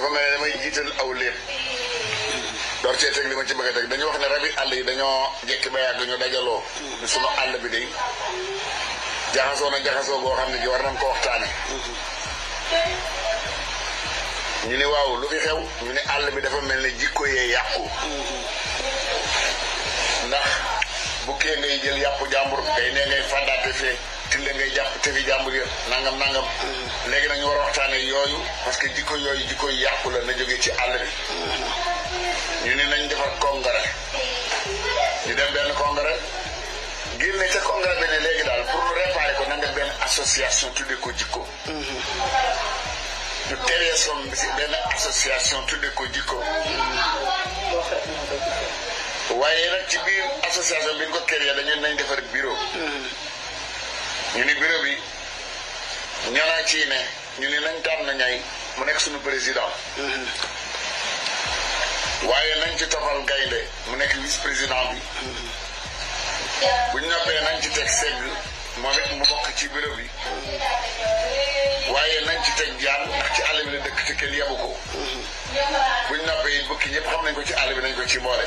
dafa mel ne damay jiital aw léeb door cee teg li ma ci bëgg a teg dañu wax ne rabi àll yi dañoo jekki ba yàgg ñu dajaloo mm-hmm. sunu àll bi day jaxasoo na jaxasoo boo xam ne ji war nañ ko waxtaane mm-hmm. ñu ne waaw lu fi xew ñu ne àll bi dafa mel ne jikko yee yàqu mm-hmm. ndax bukkee ngay jël yàpp jàmbur kay nee ngay fàndaate fee til da ngay jàpp tefi jàmbur ya nangam nangam léegi nag ñu war a waxtaane yooyu parce que diko yooyu jikko yàqu la na jóge ci àll bi ñu ne nañ defar kongara ñu dem benn congrès génne ca congrès bi ne léegi daal pour nu réparer ko na nga association tudde ko jikko ñu teree son association tudde ko jikko waaye nag ci association ko dañu nañ bureau ñu ni béréb yi ñanaa ci ne ñu ni nañ tànn na ñay mu nekk suñu président waaye nañ ci tofal gaynde mu nekk vice président bi bu ñu noppee nañ ci teg segg moo it mu bokk ci béréb yi waaye nañ ci teg jaan ndax ci àll bi la dëkk ci kenn yebu ko bu ñu noppee it bukki ñëpp xam nañ ko ci àll bi nañ ko ci boore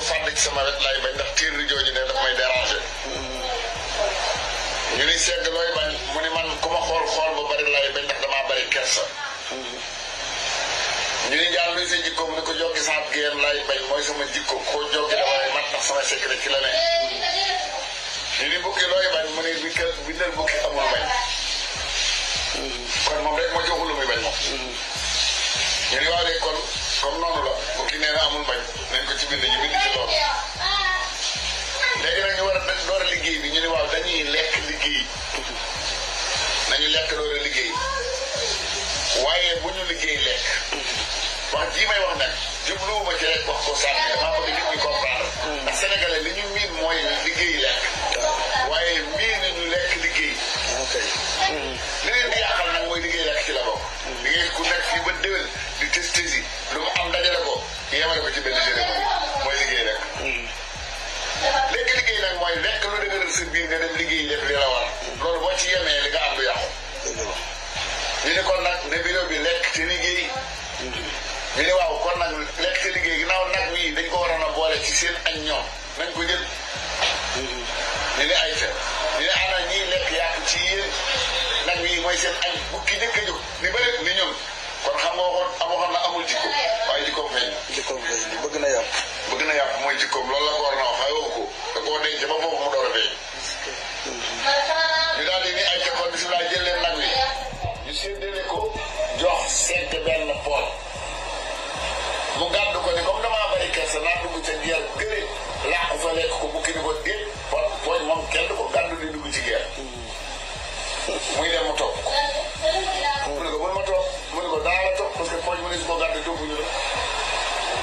ko fàtte sama wet lay bañ ndax tiir di jooju ne daf may déranger. ñu ni segg looy bañ mu ni man ku ma xool xool bu bari lay bañ ndax damaa bari kersa. ñu ni jàll luy sa jikko mu ni ko joggi saab géen lay bañ mooy sama jikko koo joggi damay mat ndax sama secret ci la ñu ni bukki looy bañ mu ni bi bukki amul bañ. kon moom rek moo joxul lu muy bañ moom. ñu ni waaw de kon comme noonu la. ki nee amul bañ nañ ko ci bind ñu bind ci loolu léegi nag war a door a liggéey bi ñu ne waaw dañuy lekk liggéey nañu lekk door a liggéey waaye bu ñu liggéey lekk wax jii may wax nag jubluwuma ci rek wax ko sànni damaa bëgg nit ñi comprendre ndax sénégalais li ñu miin mooy liggéey lekk waaye miin ñu lekk liggéey li leen di yàqal nag mooy liggéey lekk ci la bokk liggéey ku nekk fii ba déwén di testesi yemale ko ci benn cérémonie mooy liggéey rek. Hmm. léegi liggéey nag mooy lekk lu dëgëral sa biir nga dem liggéey def li la war loolu boo ci yemee li nga am du ne kon nag ne bureau bi lekk ci liggéey. ñu ne waaw kon nag lekk te liggéey ginnaaw nag wi dañ ko waroon a boole ci seen añ ñoom nañ ko jël. ñu ne ay fenn ñu ne ana ñiy lekk yàq ci yéen nag wi mooy seen añ bu ki njëkk a ni bëri ni ñoom. ndax moo na amul jikko waaye jikkoom bëgg na yàpp. bëgg na yàpp mooy jikkoom loolu la ko war na wax waaye waxu ko denc ba foofu mu door a feeñ. ñu daal di ni ay jokkoon bisimilah jël leen nag wi ñu séddale ko jox cinq benn pool mu gàddu ko ni comme damaa bari kersa naa dugg ca jeer gëre làqu fa lekk ko bukki ni ko déet. lekk bu ñu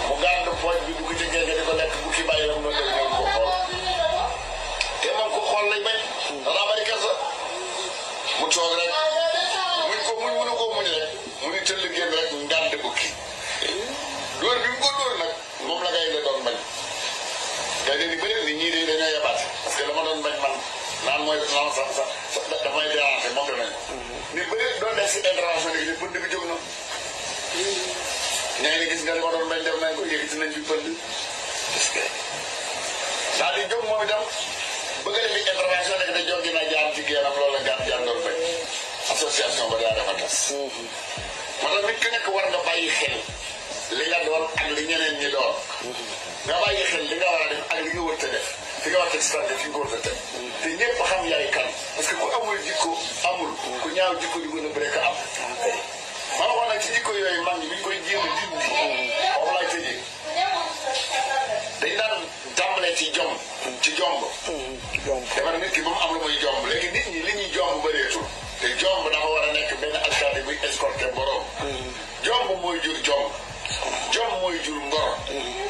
mu gàtt pooj bi bu ko ci jege di ko ci jomb. ci mm-hmm. jomb dafa nit ki ba mu am lu muy jomb léegi nit ñi li ñuy jomb bëreetul te jomb dafa war a nekk benn alkaati buy escorter borom. Mm-hmm. jomb mooy jur jomb. Mm-hmm. jomb mooy jur ngor.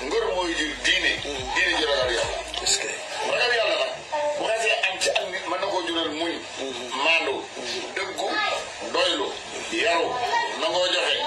ngor mooy jur diine. diine ji ragal yàlla. est-ce que ragal yàlla nag bu xasee am ci ak nit mën na koo jural muñ. maandu dëggu doylu yaru nangoo joxe.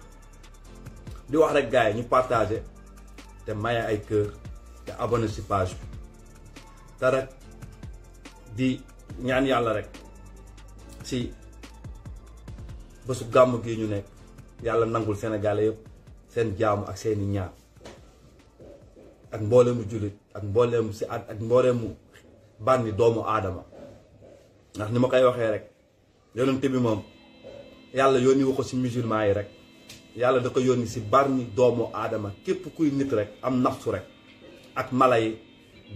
di wax rek gars yi ñu partage te maye ay kër te abonné si page bi te di ñaan yàlla rek si bésu gàmm gi ñu nekk yàlla nangul senegale yëpp seen jaamu ak seeni ñaan ak mbooleemu jullit ak mbooleemu si at ak mbooleemu bànni doomu aadama ndax ni ma koy waxee rek yonent bi moom yàlla yónni wu ko si musulman yi rek yàlla da ko yónni si barmi doomu aadama képp kuy nit rek am nafsu rek ak mala yi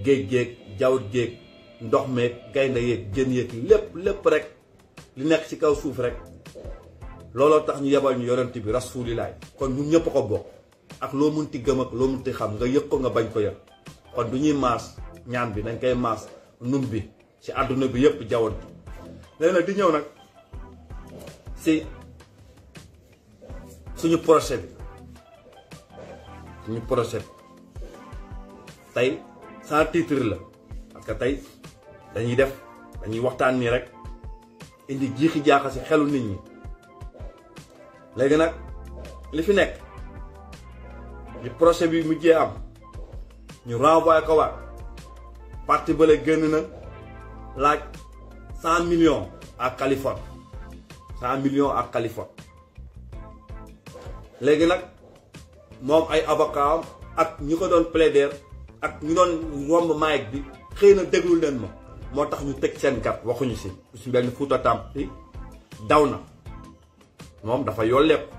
géej géeg jaww géeg ndox meeg gaynde yeeg jën yeeg lépp lépp rek li nekk ci kaw suuf rek looloo tax ñu ñu bi kon ñun ñëpp ko bokk ak loo munti gëm ak loo munti xam nga yëg ko nga bañ ko yëg kon du mas maas ñaan bi nañ koy maas num bi ci àdduna bi di si suñu procès bi suñu procès bi tey sans titre la parce que tey dañuy def dañuy waxtaan nii rek indi jiixi jaaxa si xelu nit ñi léegi nag li fi nekk li procès bi mujjee am ñu renvoyé ko waat parti bële génn na laaj cent millions à Californie cent millions à Californie léegi nag moom ay avocat ak ñi ko doon plaider ak ñu doon romb maayik bi xëy na déglu leen ma moo tax ñu teg seen gat waxuñu si su benn Fuuta Tampi daw na moom dafa yolleeku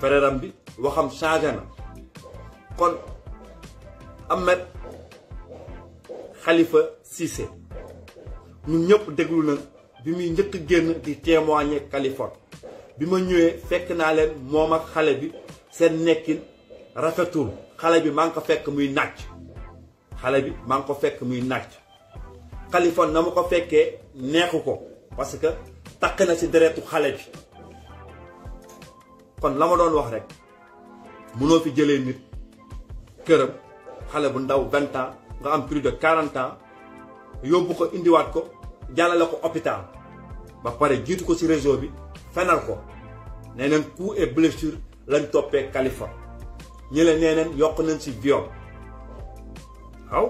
fereeram bi waxam changé na kon Ahmed Khalifa Cissé ñun ñëpp déglu na bi muy njëkk génn di témoigner Californie bi ma ñëwee fekk naa leen moom ak xale bi seen nekkin rafetul xale bi maa ngi ko fekk muy nàcc xale bi maa ngi ko fekk muy nàcc Kaliphone na ma ko fekkee neexu ko parce que takk na ci deretu xale bi kon la ma doon wax rek mënoo fi jëlee nit këram xale bu ndaw vingt ans nga am plus de quarante ans yóbbu ko indiwaat ko jàllale ko hôpital ba pare jiitu ko ci réseau bi fenal ko nenen coup et blessure lañ topé Khalifa ñi la neneen nañ si viol haw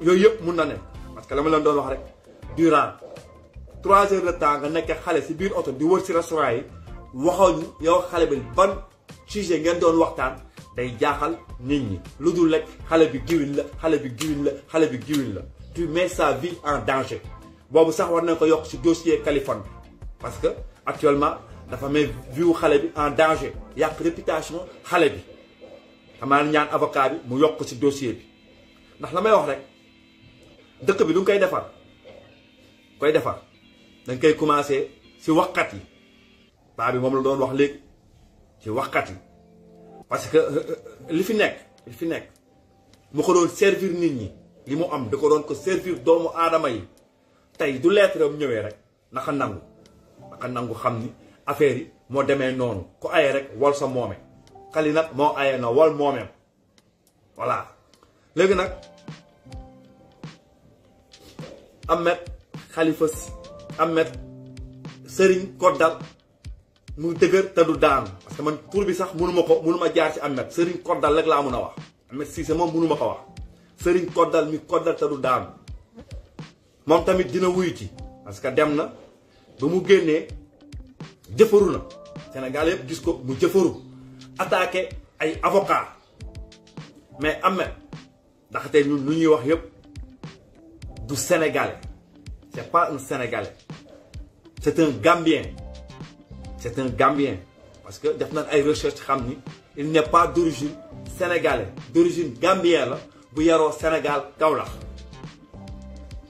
yoy yep mu na ne parce que lama lañ doon wax rek durant 3 heures de temps nga nek xalé si biir auto di wër ci restaurant yi ñu yow xalé bi ban sujet ngeen doon waxtaan day jaaxal nit ñi lu dul rek bi giwin la xalé bi giwin la xalé bi giwin la tu mets sa vie en danger bobu sax war na ko yok si dossier Khalifa parce que actuellement dafa may viwu xale bi en danger il y yàq réputation xale bi xamaa ñaan avocat bi mu yok ci dossier bi ndax la may wax rek dëkk bi du nga koy defar koy défar dañ koy commencer ci waqati ba bi mom la doon wax léegi ci waqati parce que euh, euh, li fi nek li fi nek mu ko doon servir nit ñi li mu am da ko doon ko servir doomu aadama yi tey du lettre am ñëwé rek naka nangu a nangu xam affaire yi mo démé non ko ayé rek wal sa momé xali nak mo ayé na wal momé voilà légui nak Ahmed Khalifa Ahmed Serigne Koddal mu deuguer ta du daan parce que man tour bi sax mënuma ko mënuma jaar ci Ahmed Serigne Koddal rek la mën wax Ahmed c'est mom mënuma ko wax Serigne mi ta du daan mom tamit dina wuyuti parce que dem ba mu génnee na Sénégal yëpp gis attaqué ay avocats. mais nous na ndaxte ñun ñuy du sénégalais c'est pas un sénégalais c'est un gambien c'est un gambien parce que def Il ay recherche xam il n'est pas d'origine sénégalaise. d'origine gambienne la bu Sénégal Il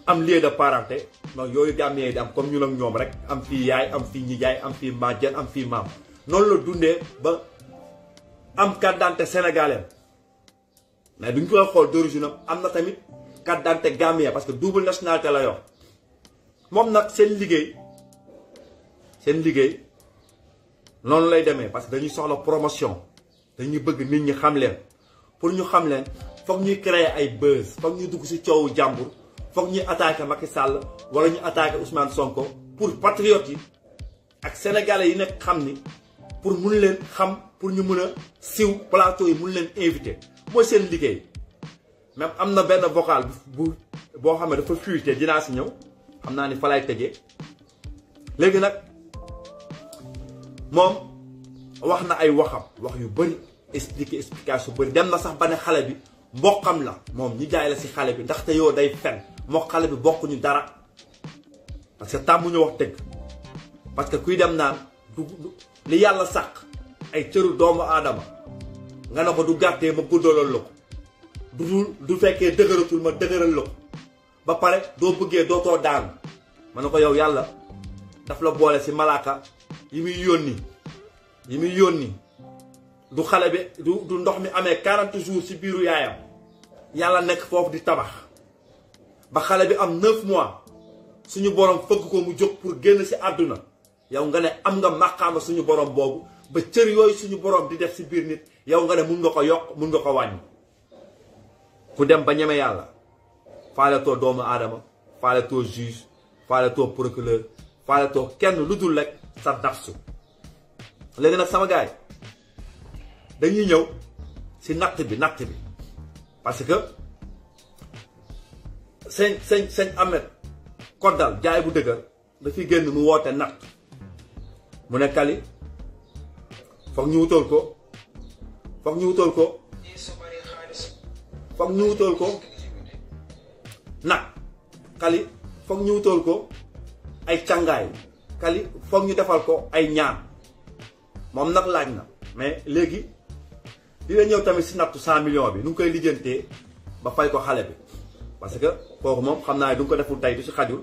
am lien de parenté donc yooyu gambien yi di am comme ñu la ñoom rek am fii yaay am fii ñi jaay am fii majjën am fii maam noonu la dundee ba am carte d'identité sénégalais mais duñ koy xool d'origine am na tamit carte d'identité gambien parce que double nationalité la yor moom nag seen liggéey seen liggéey noonu lay demee parce que dañuy soxla promotion dañuy bëgg nit ñi xam leen pour ñu xam leen foog ñuy créer ay buzz foog ñuy dugg ci coowu jàmbur foog ñuy attaquer Macky Sall wala ñu attaquer Ousmane Sonko pour patriote yi ak sénégalais yi nek xamni pour mun leen xam pour ñu mëna siw plateau yi mun leen inviter mooy seen liggéey même amna na benn vocal bu bo xamé dafa fuité dina ci ñëw xam ni falay tejé légui nak mom waxna ay waxam wax yu bari expliquer explication bari dem na sax ba xale bi mbokam la mom ñu jaay la ci xale bi ndax te yow day fenn mo xale bi bokku ñu dara. parce que tàmm ñu wax dëgg parce que kuy dem naan du li yàlla sàq ay cëru doomu aadama nga ne ko du gàttee ma guddalal la ko du du fekkee dëgëratul ma dëgëral la ko ba pare doo bëggee dootoo daanu mën ne ko yow yàlla daf la boole si malaaka yi muy yónni yi muy yónni du xale bi du du ndox mi amee 40 jours si biiru yaayam yàlla nekk foofu di tabax ba xale bi am 9 mois. suñu borom fëgg ko mu jóg pour génn si àdduna yow nga ne am nga màqaama suñu borom boobu ba cër yooyu suñu boroom di def si biir nit yow nga ne mun nga ko yokk mun nga ko wàññi ku dem ba ñeme yàlla faaletoo doomu aadama faaletoo juge faaletoo procureur faaletoo kenn lu dul lekk sa nafsu léegi nag sama gaay dañuy ñëw si natt bi natt bi parce que sëñ sëñ sëñ Ahmed koddal jaay bu dëgër dafiy génn mu woote natt mu ne Kali foog ñu wutal ko foog ñu wutal ko foog ñu ko nag Kali foog ñu wutal ko ay càngaay Kali foog ñu defal ko ay ñaan moom nag laaj na mais léegi dina ñëw tamit si nattu 100 millions bi nu koy lijjantee ba fay ko xale bi parce que kooku moom xam naa ne du nga ko deful tey du si xajul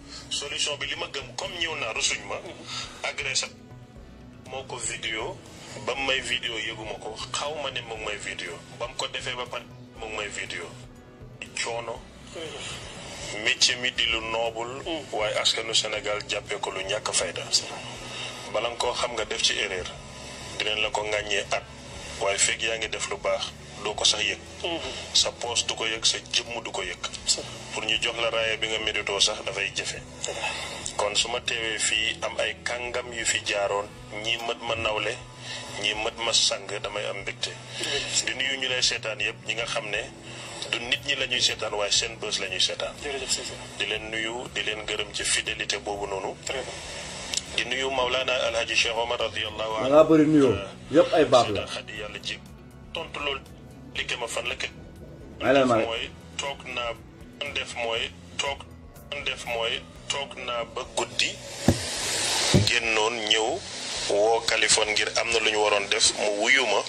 solution bi li ma gëm comme ñëw naa rusuñ ma. agressé moo ko vidéo ba mu may vidéo yëguma ko xaw ma ne mu ngi may vidéo ba mu ko defee ba pare mu ngi may vidéo coono. métier mi di lu noobul. waaye askanu Sénégal jàppee ko lu ñàkk fayda. bala nga koo xam nga def ci erreur. dinañ la ko ŋàññee at. waaye fekk yaa ngi def lu baax. doo ko sax yek mhm. sa poste du ko yëg sa jëm du ko yëg pour ñu jox la raaya bi nga méritoo sax fay jëfé kon suma téwé fi am ay kangam yu fi jaaroon ñi mat ma nawlé ñi mat ma sang may am bëkté di nuyu ñu lay sétan yépp ñi nga xamné du nit ñi lañuy sétan way seen bëss lañuy sétan di leen nuyu di leen gërëm ci fidélité bobu nonu di nuyu Maulana Alhaji Cheikh Omar radiyallahu anhu nga bari nuyu euh, yépp ay baax la tontu lol dikke ma fan la kat. mooy toog naa ban toog def mooy toog naa ba guddi génnoon ñëw woo kalifon ngir am na lu ñu waroon def mu wuyu ma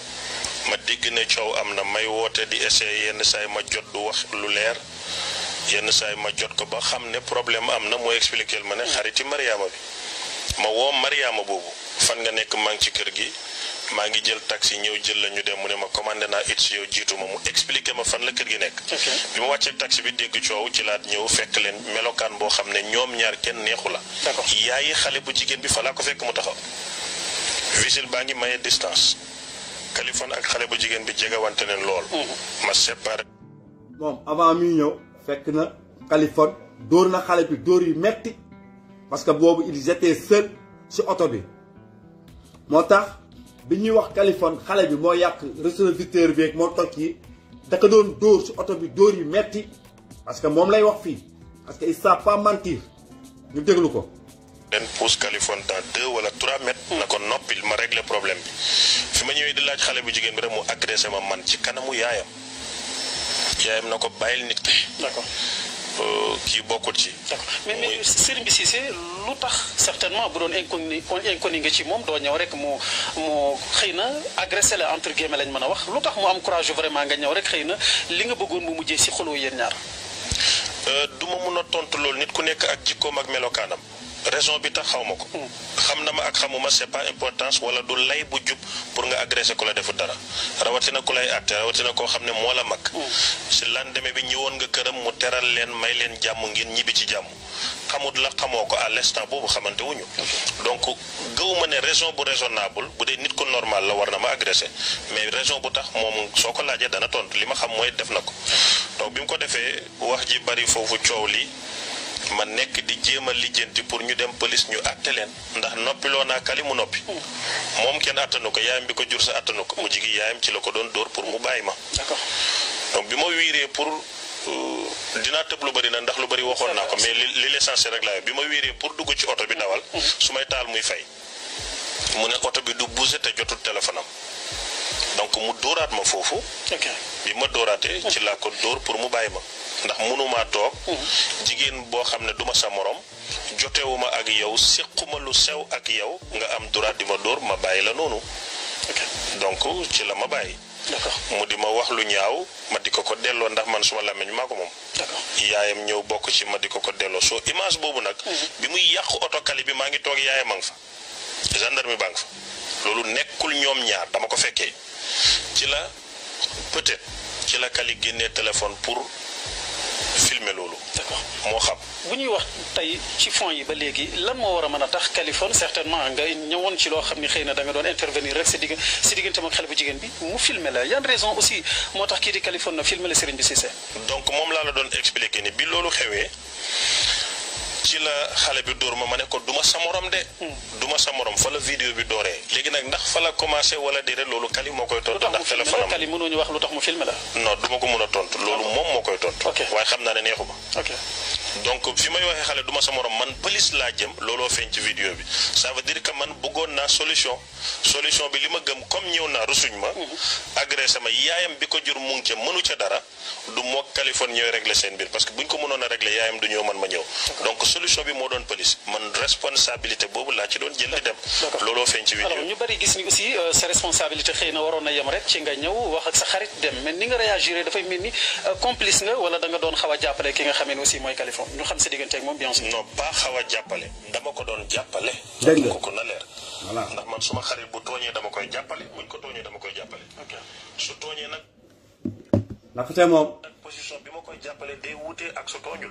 ma dégg ne coow am na may woote di essayer yenn saay ma jot du wax lu leer yenn saay ma jot ko ba xam ne problème am na mooy expliqué ma ne xariti Mariama bi ma woo Mariama boobu fan nga nekk maa ngi ci kër gi. ma ngi jël taxi ñew jël la ñu dem mu ne ma commandé na it yow jitu ma mu expliquer ma fan la kër gi nek bi ma wàccee taxi bi dégg coow ci laat ñew fekk leen melokan bo xamne ñom ñaar kenn neexu la yaayi xale bu jigen bi fa laa ko fekk mu taxaw visil ba ngi maye distance kalifon ak xale bu jigen bi jege wante ne lool mhm. ma séparé moom avant mi ñew fekk na kalifon door na xale bi door yu metti parce que bobu il était seul si auto bi motax bi ñuy wax Kaliphone xale bi moo yàq rétroviseur bi ak moo toj yi da doon dóor si oto bi dóor yu metti parce que moom lay wax fii parce que il sait pas mentir ñu déglu ko. den pousse Kaliphone dans deux wala trois mètres. na ko noppi ma régler problème bi fi ma ñëwee di laaj xale bu jigéen bi rek mu agressé ma man ci kanamu yaayam yaayam na ko bàyyil nit ko Euh, kii bokkul ci. d'accord mais mais Serigne bi lu tax certainement bu doon inconnu inconnu nga ci moom doo ñëw rek mu mu xëy na agressé la entre guillemets lañ mën a wax lu tax mu am courage vraiment nga ñëw rek xëy na li nga bëggoon mu mujjee si xoloo yéen ñaar. Euh, du ma mun a tontu loolu nit ku nekk ak jikkoom ak melokaanam. raison bi tax xaw ma ko. Hmm. xam na ma ak xamuma c'est pas importance wala du lay bu jub pour nga agressé ku la defu dara rawatina ku lay àtte rawatina koo xam ne moo la mag. Hmm. si lendemain bi ñëwoon nga këram mu teral leen may leen jàmm ngir ñibbi ci jàmm xamut la xamoo ko à l'instant boobu xamantewuñu donc gëw ma ne raison bu raisonnable bu dee nit ku normal la war na ma agressé mais raison bu tax moom soo ko laajee dana tontu li ma xam mooy def na ko donc bi mu foofu coow li ma nekk di jéem a lijjanti pour ñu dem police ñu àtte leen ndax noppiloo naa kali mu noppi. Hmm. moom kenn attanu ko yaayam bi ko jur sa attanu ko mu jigi yaayam ci la ko doon dóor pour mu bàyyi ma. donc bi ma wiiree pour euh, dinaa tëb lu bari na ndax lu bari waxoon naa ko mais li li l'essentiel rek laa bi ma wiiree pour dugg ci oto bi dawal. Hmm. su may taal muy fay. mu ne oto bi du bougé te jotul téléphone donc mu dorat ma foofu bi ma doraté ci la ko dor pour mu bayima ma ndax munuma tok mhm. Jigen bo xamné duma sa morom jotewuma ak yow sequma lu sew ak yow nga am dorat di ma dóor ma bayila la donc ci la ma d'accord mu di ma wax lu ñaaw ma di ko ko delloo ndax man suma lamiñ mako mom d'accord yaayam ñew bok ci ma di ko ko delloo image bobu nak mhm. bi muy auto otokali bi ma ngi tok yaayam a fa gendarme bank fa lolou nekkul ñom ñaar dama ko fekke ci la peut-être ci la Kali génnee téléphone pour filmer loolu. moo xam. bu ñuy wax tey ci fond yi ba léegi lan moo war a mën a tax Kaliphone certainement nga ñëwoon ci loo xam ni xëy na da nga doon intervenir rek si digg si digganteem ak xale bu jigéen bi mu filmer la yan raison aussi moo tax kii di Kaliphone na filmer la Serigne bi Cissé. donc moom laa la doon expliquer ni bi loolu xewee. si la xale bi dóor ma ma ne ko duma sa morom de hmm. duma sa morom fa la vidéo bi dooree léegi nag ndax fa la commencé wala déedéet loolu kali moo koy tontu ndax téléphone am kali mënuñu wax lu tax mu filmé la non duma ko mën a tontu loolu moom moo koy tontu waaye xam naa ne neexu ma donc fi may waxee xale duma sa moroom man police laa jëm looloo feeñ ci vidéo bi sa veut dire que man bëggoon naa solution solution bi li ma gëm comme ñëw naa rusuñ ma hmm. agressé ma yaayam bi ko jur mu ngi ca mënu ca dara du moo Californie ñooy régler seen mbir parce que buñ ko mënoon a régler yaayam du ñëw man ma solution bi moo doon police man responsabilité boobu laa ci doon jël di dem. looloo feeñ ci vidéo alors ñu bari gis ni aussi euh, sa responsabilité xëy na waroon na yem rek ci nga ñëw wax ak sa xarit dem mais ni nga réagir dafay mel ni euh, complice nga wala da nga doon xaw jàppale ki nga xamee ne aussi mooy Kaliphone ñu xam sa diggante ak a jàppale dama ko doon jàppale. dëgg ko na leer. voilà ndax man suma xarit bu tooñee dama koy jàppale buñ ko tooñee dama koy jàppale. su tooñee nag. ndaxte moom. position bi ma koy jàppale day wuute ak su tooñul.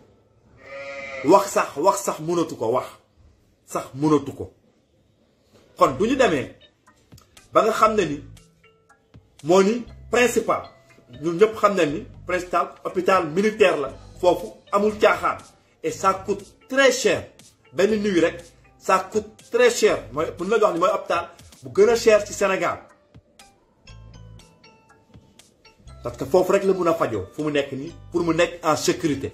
wax sax wax sax mënatu ko wax sax mënatu ko kon duñu démé ba nga xamné ne ni moo ni principal ñun ñëpp xamné ni principal hôpital militaire la fofu amul caaxaan et ça coûte très cher Ben nuit rek ça coûte très cher moy pour na wax ni mooy hôpital bu gën cher ci Sénégal parce que fofu rek la mëna fajo fu mu nekk ni pour mu nekk en sécurité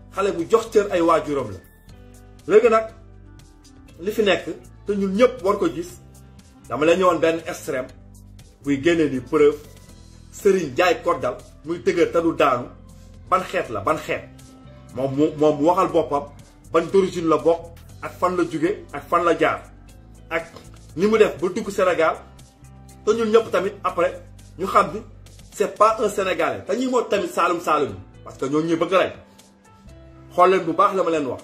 xale bu jox cër ay waajuram la léegi nag li fi nekk te ñun ñëpp war ko gis dama la ñëwoon benn extrême buy génnee ni preuve sëriñ jaay koddal muy dëgër te du daanu ban xeet la ban xeet moom mu moom mu waxal boppam ban d'origine la bokk ak fan la jóge ak fan la jaar ak ni mu def bu dugg senegal te ñun ñëpp tamit après ñu xam ni c'est pas un sénégalais te ñi moo tamit saalum saalum parce que ñoo ñuy bëgg rey xool leen bu baax la ma leen wax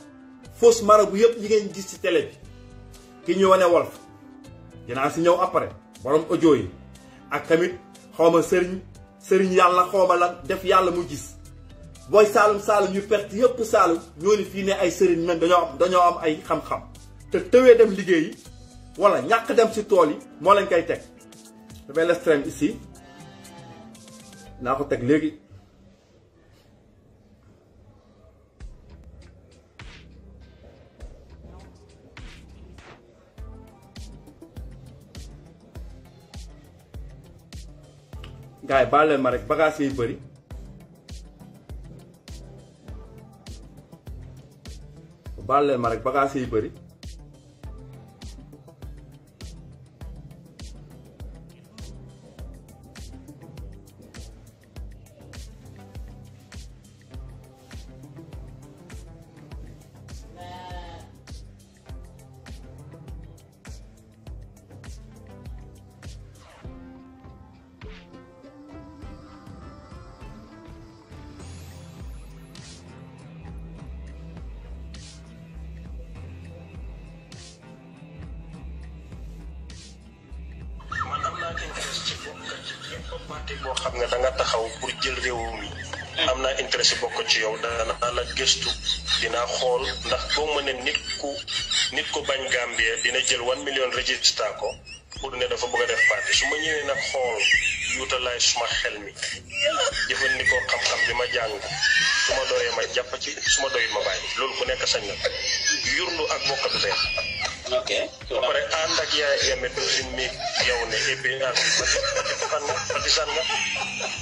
fausse marabout yëpp ñi ngeen gis ci télé bi ki ñu wane Walf dinaa si ñëw après borom ojo yi ak tamit xawma sëriñ sëriñ yàlla xaw ma lan def yàlla mu gis booy saalum saalum yu perte yëpp saalum ñoo ni fii ne ay sëriñ men dañoo am dañoo am ay xam-xam te tëwee dem liggéeyi wala ñàkk dem si tool yi moo leen koy teg dafay l'extrême ici naa ko teg léegi gars yi baal leen ma rek bagages yi bari baal leen ma rek bagages yi bëri politique boo xam ne danga taxaw pour jël réew mi. am naa intérêt bokk ci yow danaa la gëstu dinaa xool ndax boo mën ne nit ku nit ku bañ Gambie dina jël one million register ko pour ne dafa bëgg a def parti su ma ñëwee nag xool yuutalaay suma xel mi jëfandikoo xam-xam bi ma jàng su ma doyee ma jàpp ci su ma doyut ma bàyyi loolu ku nekk sañ na yurlu ak bokk du dee. ok ba ànd ak yaay yame dosin mi yow ne EPA bi fan nga Macky Sall nga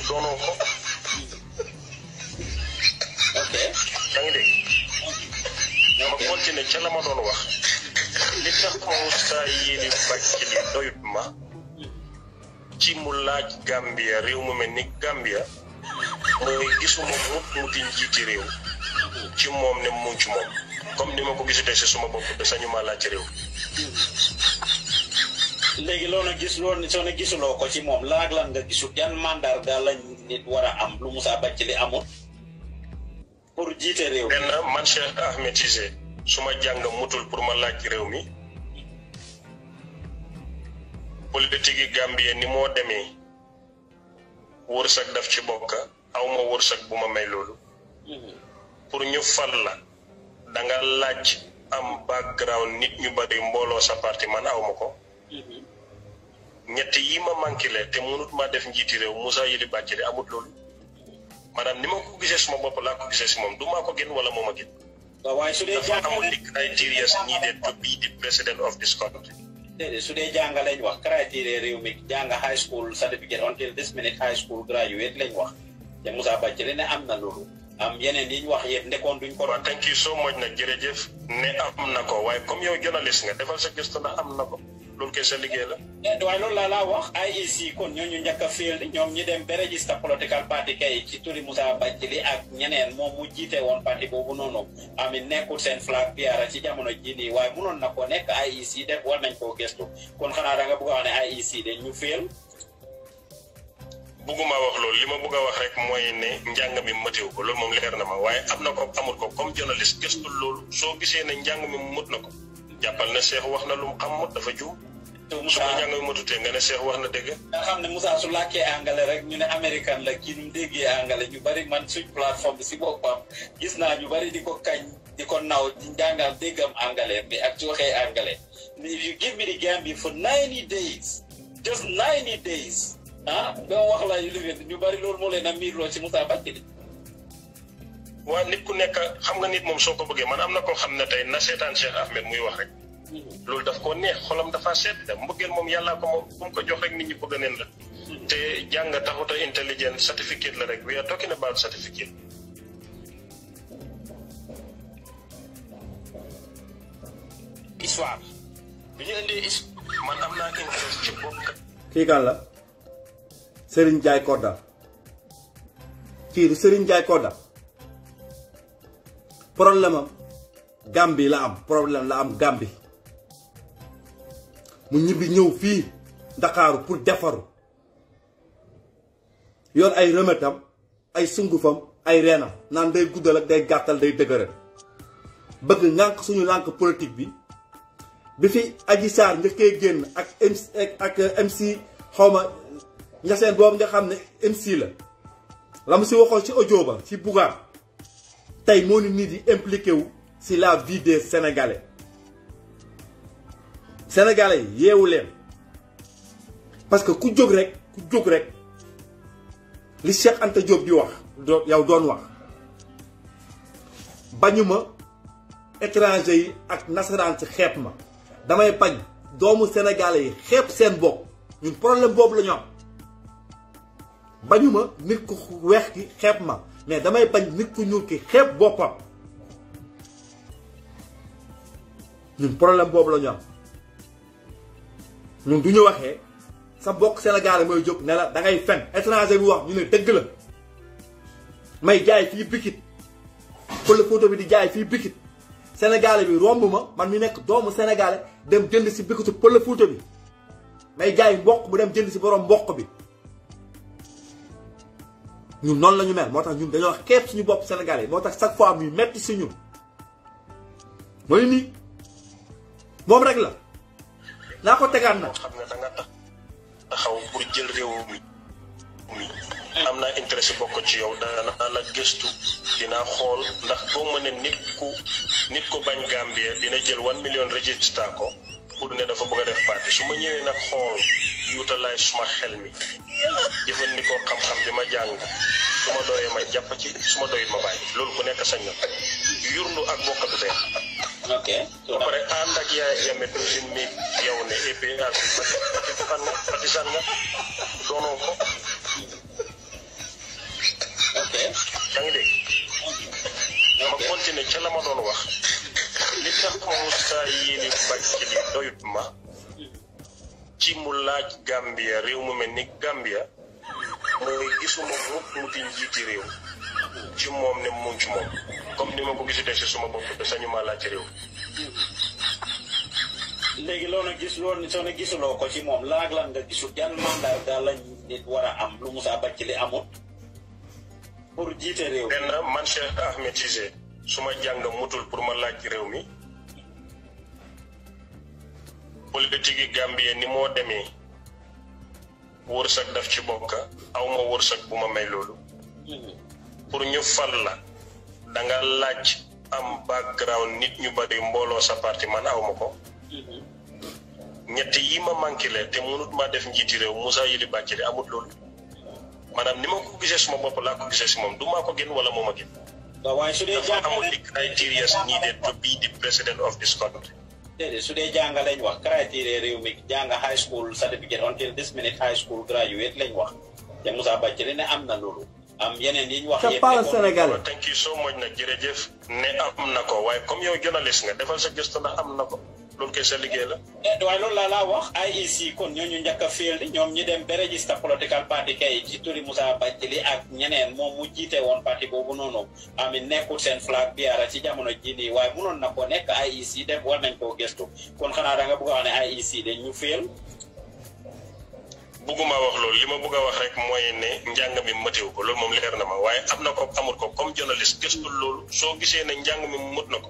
doonoo ko. ok yaa ngi ma continuer ca la ma doon wax. li tax Moussa Yéli Bathily doyut ma. ci mu laaj Gambia réew mu mel Gambia. mooy gisuma mut muti njiiti réew. ci ne mu ci comme ni ma ko suma sañu ma laaj legi lo na gis ni so na lo ko ci moom laag lan nga gisul yan da lañ nit wara am lu bacci li amul pour jité rew ben man Cheikh Ahmed Cissé suma jang mutul pour ma laaj rew mi politique Gambie ni mo démé wursak daf ci bokka awma wursak buma may loolu. pour ñu fal la da nga laaj am background nit ñu bari mbolo sa parti man awmako mhm. ñett yi ma manqué leen te mënut maa def njiiti réew Moussa Yeli Bathily amut loolu maanaam ni ma ko gisee suma bopp laa ko gisee si moom du maa ko gën wala moom a gën. waaye su dee jànga dafa lañ wax criteria réew mi jàng high school certificate until this minute high school graduate lañ wax te Moussa Bathily ne am na loolu. am yeneen yi ñu wax yëpp nekkoon duñ ko. waaw thank you so much nag jërëjëf ne am na ko waaye comme yow journaliste nga defal sa gëstu na am na ko. loolu kay liggéey la eh, waaye loolu laa laa wax IEC kon ñooñu njëkk a fiil ñoom ñi dem ba register political party kay ci turi Moussa Badjili ak ñeneen moom mu jiite woon parti boobu noonu ami nekkul seen flag ci jamono nii waaye munoon na ko nekk IEC def war nañ koo gëstu kon xanaa da nga bëgg a wax ne IEC dañ ñu fiil bugguma wax loolu li ma bëgg a wax rek mooy ne njàng mi mëtewu ko loolu moom leer na ma waaye am na ko amul ko comme journaliste loolu soo gisee ne njàng mi mut na ko jàppal na Cheikh wax na lu mu xam dafa juum. waaw su ko ñànga matutee nga ne Cheikh wax na dëgg. nga xam ne Moussa su làkkee angale rek ñu ne américain la kii nu mu déggee angale ñu bari man suñ plateforme si boppam gis naa ñu bari di ko kañ di ko naw di njàngal déggam angale bi ak ci waxee angale. if you give me the Gambia for ninety days just ninety days ah doo wax la ñu bari loolu moo leen a miirloo ci Moussa Bakkili wa nit ku nek xam nga nit mom soko beugé man amna ko xamné tay na seetaan Cheikh Ahmed muy wax rek lool daf ko neex xolam dafa seet da mbëggeel mom yalla ko moom bu ko jox rek nit ñi ko neen la té jang taxut a intelligent certificate la rek we are talking about certificate histoire bi ñu indee histoire man am naa interest ci bokk ki gal kan la Serigne jay koda ki Serigne jay koda problème gambi la am problème la am gambi mu ñibi ñew fi dakar pour defaru yor ay remetam ay sungufam ay renam nan day guddal ak day gattal day dëgëral bëgg ngànk suñu lank politique bi bi fi Adji Sarr genn ak MC ak MC xawma ñaseen bobu nga xam MC la lam ci si ci audio ba ci bugar tay moo nit yi impliqué wu si la vie des sénégalais sénégalais yi yeewu leen parce que ku jog rek ku jog rek li Cheikh Anta Diop di wax yow doon wax bañu ma étranger yi ak nasaraan si xép ma damay bañ doomu sénégalais yi xép sen bopp ñun problème boobu la ñu am bañu nit ko wex ki xép ma mais damay bañ nit ku ñuul ki xeeb boppam ñun problème boobu la ñu am ñun du ñu waxee sa bokk Sénégal mooy jóg ne la da ngay fen étranger bi wax ñu ne dëgg la may jaay fii bikit pël photo bi di jaay fii bikit Sénégal bi romb ma man mi nekk doomu Sénégal dem jënd si bikitu pël photo bi may jaay mboq bu dem jënd si borom mboq bi ñun non lañu mel motax ñun dañu wax képp suñu bop sénégalais motax chaque fois muy metti ci ñun moy ni mom rek la la ko tégan na xam nga da nga taxaw bu jël réew mi amna intérêt bokk ci yow na la gestu dina xol ndax bo mënee nit ku nit ko bañ gambier dina jël 1 million registre ko pour ne dafa bëgg a def parti su ma ñëwee nag xool yuutalaay suma xel mi jëfandikoo xam-xam bi ma jàng su ma doyee ma jàpp ci su ma doyit ma bàyyi loolu ku nekk sañ na ak bokk du dee ok ba pare ak yaay yame mi yow ne et eh ak fan nga nga doonoo ko ok yaa ngi dégg ma continuer la ma doon wax li taxawu saa yéene bàcci li doyut ma ci mu laaj Gambia réew mu mel ni Gambia mooy gisuma mukk mu di njiiti réew ci moom ne mu ci moom comme ni ma ko gisutee si suma bopp sañu ma laaj ci réew léegi gis loolu soo gisuloo ko ci moom laag lan nga gisul yan mandat daal lañ nit war am lu Musa Baccili amut pour jiite réew benn man Cheikh Ahmed Cissé suma jàng mutul pour ma laaj réew mi politique Gambie ni mo demé wursak daf ci bokka awma wursak buma may lolu pour ñu fal la da nga laaj am background nit ñu bari mbolo sa parti man awma ko ñet yi ma manqué la te mënut ma def njiiti rew Moussa Yili Bàccari amut lolu manam nima ko gisé suma bop la ko gisé suma moom wala moma genn waaye su dee jàng amul the criteria needed to be the president of this country. déedéet su dee jàng lañ wax criteria réew mi jàng high school certificate until this minute high school graduate lañ wax te Musa Bacary ne am na loolu. am yeneen yi ñu wax yëpp ne Sénégal thank you so much na jërëjëf ne am na ko waaye comme yow journaliste nga defal sa gëstu na am na ko. loolu kay seen liggéey la waaye loolu laa laa wax IEC kon ñooñu njëkk a féel di ñoom ñi dem ba register political party kay ci turi Moussa Badjili ak ñeneen moom mu jiite woon parti boobu noonu ami nekkul seen flag biara ci jamono ji nii waaye munoon na ko nekk IEC dem war nañ koo gëstu kon xanaa da nga bëgg a wax ne IEC dañ ñu féel bugguma wax loolu li ma bugg a wax rek mooy ne njàng mi matewu ko loolu moom leer na ma waaye am na ko amut ko comme journaliste gëstul loolu soo gisee ne njàng mi mut na ko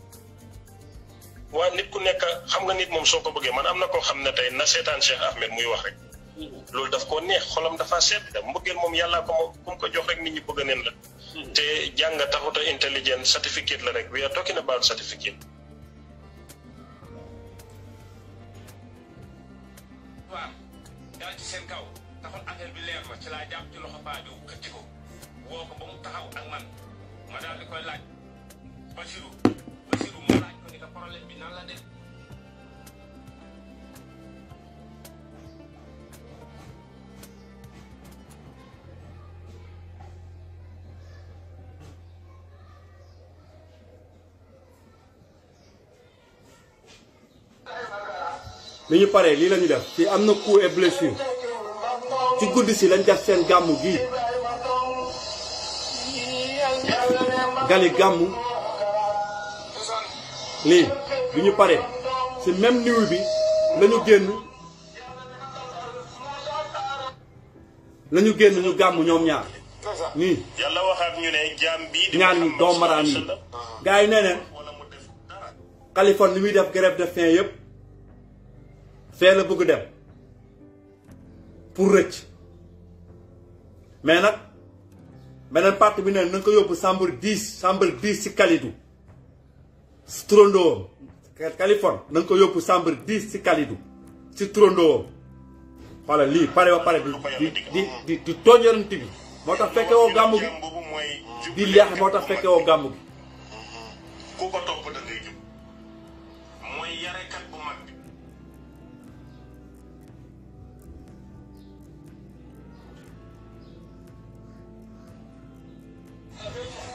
waaye nit ku nekk xam nga nit moom soo ko bëggee man am na koo xam ne tey na seetaan Cheikh Ahmed muy wax rek. loolu daf ko neex xolam dafa seet da mbëggeel moom yàlla ko moom ku mu ko jox rek nit ñi bëgg neen la. Hmm. te jàng taxuta intelligent certificate la rek we are talking about certificate. bi paré li lañu def ci amna coup et blessure ci guddi si lañ def sen gamu gi galé gamu li biñu paré ci si même niw bi lañu génn lañu génn ñu gamu ñom ñaar ni yalla waxat ñu ne jaam bii ñaan ñu do maraan gaay gars khalifa nee muy def grève de faim yépp fee bëgg dem pour rëcc mais nag beneen parti bi ne na ko yóbbu chambre 10 chambre 10 ci kalidu si turandoowam Californie na ko yóbbu chambre 10 ci kalidu ci turandoowam xoolal lii pare wa pare di di di di tooñarante bi moo tax fekke woo gàmmu gi di leex moo tax fekke woo gàmmu gi ku ko topp da ngay jub mooy kat bu mag Thank you.